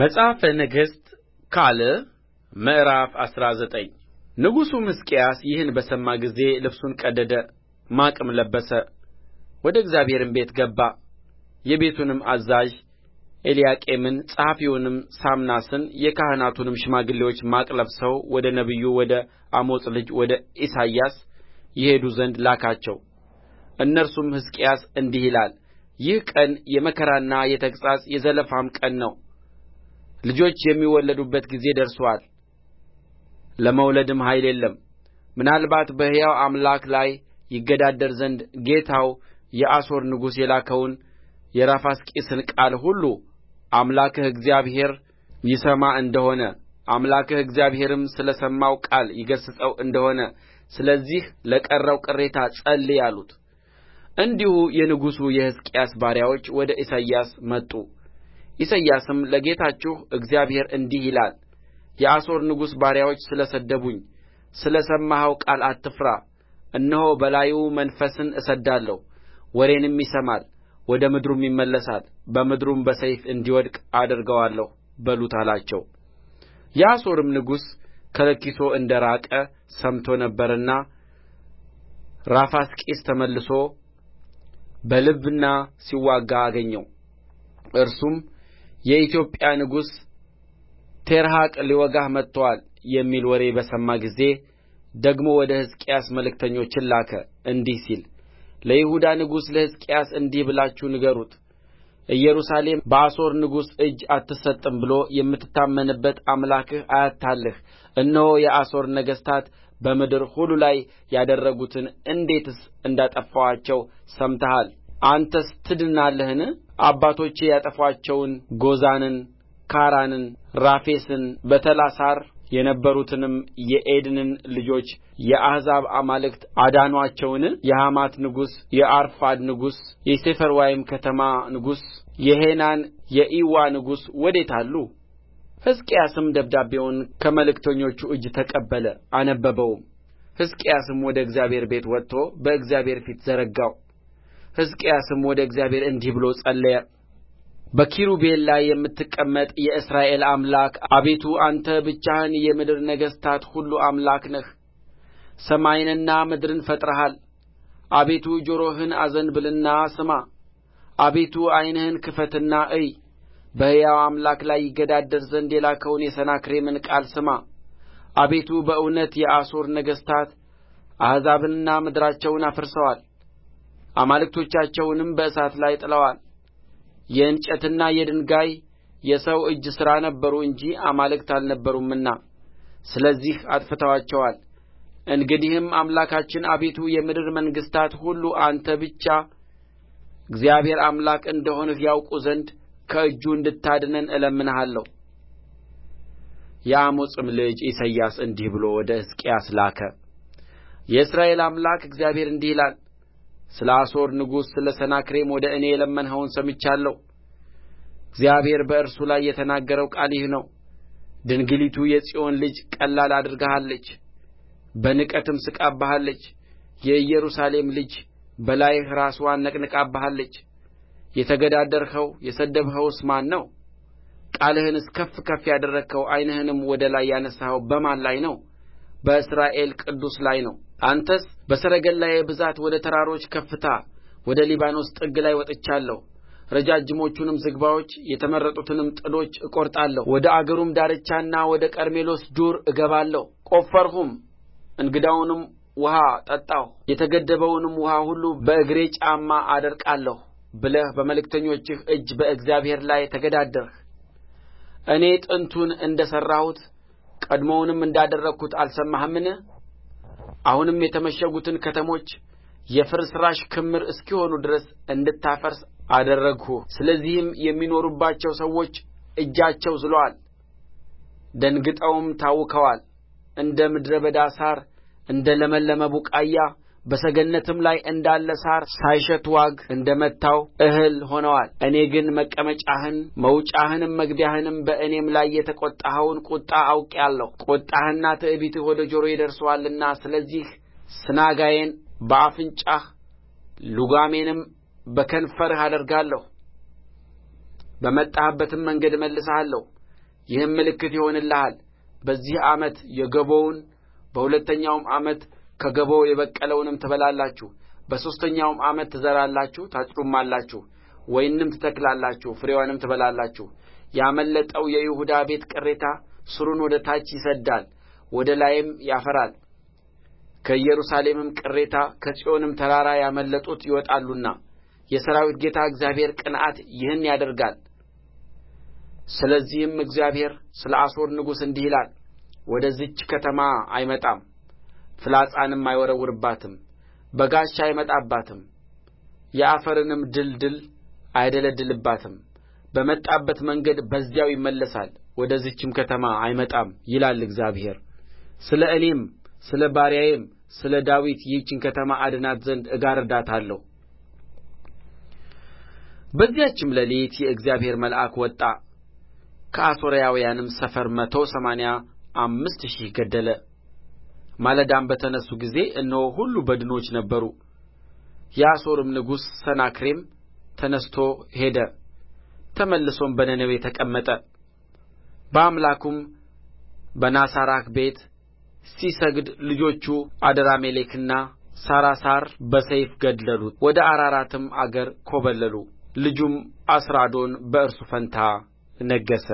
መጽሐፈ ነገሥት ካልዕ ምዕራፍ አስራ ዘጠኝ ንጉሡም ሕዝቅያስ ይህን በሰማ ጊዜ ልብሱን ቀደደ ማቅም ለበሰ ወደ እግዚአብሔርም ቤት ገባ የቤቱንም አዛዥ ኤልያቄምን ጸሐፊውንም ሳምናስን የካህናቱንም ሽማግሌዎች ማቅ ለብሰው ወደ ነቢዩ ወደ አሞጽ ልጅ ወደ ኢሳይያስ ይሄዱ ዘንድ ላካቸው። እነርሱም ሕዝቅያስ እንዲህ ይላል፣ ይህ ቀን የመከራና የተግሣጽ የዘለፋም ቀን ነው ልጆች የሚወለዱበት ጊዜ ደርሶአል ለመውለድም ኃይል የለም ምናልባት በሕያው አምላክ ላይ ይገዳደር ዘንድ ጌታው የአሦር ንጉሥ የላከውን የራፋስቂስን ቃል ሁሉ አምላክህ እግዚአብሔር ይሰማ እንደሆነ አምላክህ እግዚአብሔርም ስለ ሰማው ቃል ይገሥጸው እንደሆነ ስለዚህ ለቀረው ቅሬታ ጸልይ አሉት እንዲሁ የንጉሡ የሕዝቅያስ ባሪያዎች ወደ ኢሳይያስ መጡ ኢሳይያስም ለጌታችሁ እግዚአብሔር እንዲህ ይላል የአሦር ንጉሥ ባሪያዎች ስለ ሰደቡኝ ስለ ሰማኸው ቃል አትፍራ እነሆ በላዩ መንፈስን እሰድዳለሁ ወሬንም ይሰማል ወደ ምድሩም ይመለሳል በምድሩም በሰይፍ እንዲወድቅ አደርገዋለሁ በሉት አላቸው የአሦርም ንጉሥ ከለኪሶ እንደ ራቀ ሰምቶ ነበርና ራፋስቂስ ተመልሶ በልብና ሲዋጋ አገኘው እርሱም የኢትዮጵያ ንጉሥ ቲርሐቅ ሊወጋህ መጥቶአል የሚል ወሬ በሰማ ጊዜ ደግሞ ወደ ሕዝቅያስ መልእክተኞችን ላከ እንዲህ ሲል ለይሁዳ ንጉሥ ለሕዝቅያስ እንዲህ ብላችሁ ንገሩት ኢየሩሳሌም በአሦር ንጉሥ እጅ አትሰጥም ብሎ የምትታመንበት አምላክህ አያታልልህ እነሆ የአሦር ነገሥታት በምድር ሁሉ ላይ ያደረጉትን እንዴትስ እንዳጠፋአቸው ሰምተሃል አንተስ ትድናለህን አባቶቼ ያጠፉአቸውን ጎዛንን ካራንን ራፌስን በተላሳር የነበሩትንም የዔድንን ልጆች የአሕዛብ አማልክት አዳኑአቸውን የሐማት ንጉሥ የአርፋድ ንጉሥ የሴፈርዋይም ከተማ ንጉሥ የሄናን የዒዋ ንጉሥ ወዴት አሉ ሕዝቅያስም ደብዳቤውን ከመልእክተኞቹ እጅ ተቀበለ አነበበውም ሕዝቅያስም ወደ እግዚአብሔር ቤት ወጥቶ በእግዚአብሔር ፊት ዘረጋው ሕዝቅያስም ወደ እግዚአብሔር እንዲህ ብሎ ጸለየ በኪሩቤል ላይ የምትቀመጥ የእስራኤል አምላክ አቤቱ አንተ ብቻህን የምድር ነገሥታት ሁሉ አምላክ ነህ ሰማይንና ምድርን ፈጥረሃል አቤቱ ጆሮህን አዘንብልና ስማ አቤቱ ዐይንህን ክፈትና እይ በሕያው አምላክ ላይ ይገዳደር ዘንድ የላከውን የሰናክሬምን ቃል ስማ አቤቱ በእውነት የአሦር ነገሥታት አሕዛብንና ምድራቸውን አፍርሰዋል አማልክቶቻቸውንም በእሳት ላይ ጥለዋል የእንጨትና የድንጋይ የሰው እጅ ሥራ ነበሩ እንጂ አማልክት አልነበሩምና ስለዚህ አጥፍተዋቸዋል እንግዲህም አምላካችን አቤቱ የምድር መንግሥታት ሁሉ አንተ ብቻ እግዚአብሔር አምላክ እንደ ሆንህ ያውቁ ዘንድ ከእጁ እንድታድነን እለምንሃለሁ የአሞጽም ልጅ ኢሳይያስ እንዲህ ብሎ ወደ ሕዝቅያስ ላከ የእስራኤል አምላክ እግዚአብሔር እንዲህ ይላል ስለ አሦር ንጉሥ ስለ ሰናክሬም ወደ እኔ የለመንኸውን ሰምቻለሁ እግዚአብሔር በእርሱ ላይ የተናገረው ቃል ይህ ነው ድንግሊቱ የጽዮን ልጅ ቀላል አድርጋሃለች በንቀትም ስቃብሃለች የኢየሩሳሌም ልጅ በላይህ ራስዋን ነቅንቃብሃለች የተገዳደርኸው የሰደብኸውስ ማን ነው ቃልህንስ ከፍ ከፍ ያደረግኸው ዓይንህንም ወደ ላይ ያነሣኸው በማን ላይ ነው በእስራኤል ቅዱስ ላይ ነው አንተስ በሰረገላዬ ብዛት ወደ ተራሮች ከፍታ ወደ ሊባኖስ ጥግ ላይ ወጥቻለሁ ረጃጅሞቹንም ዝግባዎች የተመረጡትንም ጥዶች እቈርጣለሁ ወደ አገሩም ዳርቻና ወደ ቀርሜሎስ ዱር እገባለሁ ቈፈርሁም እንግዳውንም ውኃ ጠጣሁ የተገደበውንም ውኃ ሁሉ በእግሬ ጫማ አደርቃለሁ ብለህ በመልእክተኞችህ እጅ በእግዚአብሔር ላይ ተገዳደርህ እኔ ጥንቱን እንደ ሠራሁት ቀድሞውንም እንዳደረግሁት አልሰማህምን አሁንም የተመሸጉትን ከተሞች የፍርስራሽ ክምር እስኪሆኑ ድረስ እንድታፈርስ አደረግሁህ ስለዚህም የሚኖሩባቸው ሰዎች እጃቸው ዝሎአል ደንግጠውም ታውከዋል እንደ ምድረ በዳ ሣር እንደ ለመለመ ቡቃያ በሰገነትም ላይ እንዳለ ሣር ሳይሸት ዋግ እንደ መታው እህል ሆነዋል። እኔ ግን መቀመጫህን መውጫህንም መግቢያህንም በእኔም ላይ የተቈጣኸውን ቍጣ አውቄአለሁ። ቍጣህና ትዕቢትህ ወደ ጆሮዬ ደርሶአልና ስለዚህ ስናጋዬን በአፍንጫህ ልጓሜንም በከንፈርህ አደርጋለሁ። በመጣህበትም መንገድ እመልስሃለሁ። ይህም ምልክት ይሆንልሃል። በዚህ ዓመት የገቦውን በሁለተኛውም ዓመት ከገቦ የበቀለውንም ትበላላችሁ በሦስተኛውም ዓመት ትዘራላችሁ ታጭዱማላችሁ ወይንም ትተክላላችሁ ፍሬዋንም ትበላላችሁ ያመለጠው የይሁዳ ቤት ቅሬታ ሥሩን ወደ ታች ይሰድዳል ወደ ላይም ያፈራል ከኢየሩሳሌምም ቅሬታ ከጽዮንም ተራራ ያመለጡት ይወጣሉና የሠራዊት ጌታ እግዚአብሔር ቅንዓት ይህን ያደርጋል ስለዚህም እግዚአብሔር ስለ አሦር ንጉሥ እንዲህ ይላል ወደዚች ከተማ አይመጣም ፍላጻንም አይወረውርባትም በጋሻ አይመጣባትም የአፈርንም ድልድል አይደለድልባትም በመጣበት መንገድ በዚያው ይመለሳል ወደዚችም ከተማ አይመጣም ይላል እግዚአብሔር ስለ እኔም ስለ ባሪያዬም ስለ ዳዊት ይህችን ከተማ አድናት ዘንድ እጋርዳታለሁ በዚያችም ሌሊት የእግዚአብሔር መልአክ ወጣ ከአሦራውያንም ሰፈር መቶ ሰማንያ አምስት ሺህ ገደለ ማለዳም በተነሡ ጊዜ እነሆ ሁሉ በድኖች ነበሩ የአሦርም ንጉሥ ሰናክሬም ተነሥቶ ሄደ ተመልሶም በነነዌ ተቀመጠ በአምላኩም በናሳራክ ቤት ሲሰግድ ልጆቹ አደራሜሌክና ሳራሳር በሰይፍ ገደሉት ወደ አራራትም አገር ኰበለሉ ልጁም አስራዶን በእርሱ ፋንታ ነገሠ